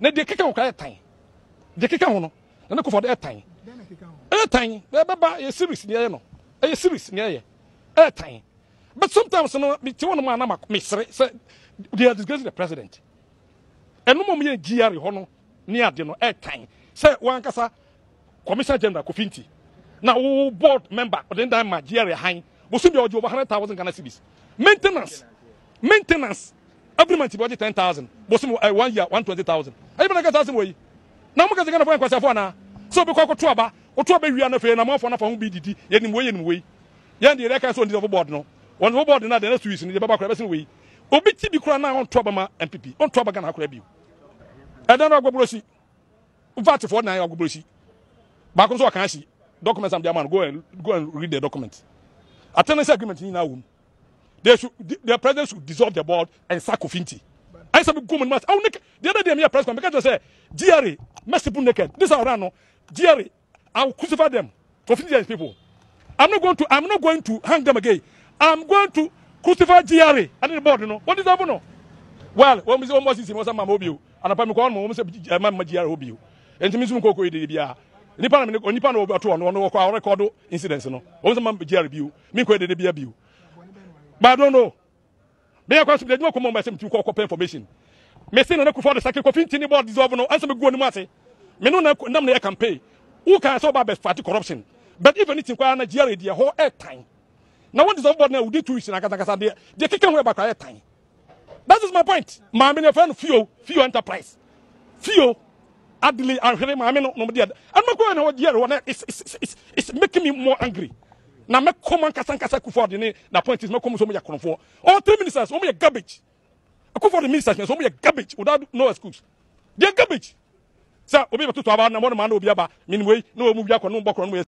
na deɛ keka ho kora ɛtan deɛ keka ho no na ne kofɔ de ɛtan ɛtan ɛbɛba yɛ series ne ɛyɛ no ɛyɛ series ne ɛyɛ ɛtan but sometimes no mi ti wɔn mu anam mesere sɛ they are disgracing the president ɛnum a mo yɛ gr hɔ no ne ade no ɛtan sɛ wankasa commissioner general kofi nti na wo board member ɔde dan ma gr han wosu deɛ ɔgye over hundred thousand ghana series maintenance maintenance every month bi ɔgye ten thousand bosom ɛ uh, one year one twenty thousand ɛyɛ bɛnna kɛse asɛm wɔ yi na mo kɛse ghanafoɔ yɛ nkwasiafo anaa sɛ obi kɔ kɔ to aba oto aba wia no fɛ na mo afɔ nafa ho bi didi yɛ nim wei yɛ nim wei yɛn deɛ yɛrɛ kan sɛ onidɔfo bɔɔd no onidɔfo bɔɔd no adeɛ na suwisi no yɛ bɛba kora ɛbɛsɛn wei obi ti bi kora na ɔn to aba ma npp ɔn to aba ghana akora bi ɛdan no agbɔbɔrɔ si nfa ati fɔɔ nan agbɔbɔrɔ si baako nso ɔkan si documents am di ama no go and go and read the document atɛnɛnsi agreement nyinaa wɔ mu they should the president should dissolve the board and sack Kofinti. I said, go on, I naked. The other day, me a press conference because I said, Jerry, mercy people naked. This are Rano. Jerry, I will crucify them. Kofinti and people. I'm not going to. I'm not going to hang them again. I'm going to crucify Jerry. and didn't board, you know. What is that, you know? Well, when we say almost is almost a mobile, and I'm me call me, almost a mamma Jerry mobile. And to me, some cocoa, it be nipa na nipa na obi ato ɔno ɔno wɔkɔ a ɔrekɔdo incidents no wɔn sɛ ma gye review mi nkɔ yɛ de de bi abiu but I don't know. They are question. They do not come on by some to call information. Me say na kufa the second coffee tini board dissolve no answer me go ni mate. Me no na na me campaign, pay. Who can so about fight corruption? But if anything kwa na Nigeria dey whole air time. Now what dissolve board na we do two weeks na kasa kasa dey. They kick away back air time. That is my point. My me friend few few enterprise. Few Adley and Hare my me no no dey. And my go na what year one is is is making me more angry na mɛkɔ mu ankasa ankasa akufo ade ne n'appointees mɛkɔ mu sɛ ɔmo yɛ akorɔmfoɔ all three ministers ɔmo yɛ garbage akufo ade ministers ɔmo yɛ garbage without no excuse they are garbage sɛ obi bɛ toto aba na mɔdoma na obi aba minimu yi na omu bi akɔ na omu bɔ kɔrɔ na omu yɛ.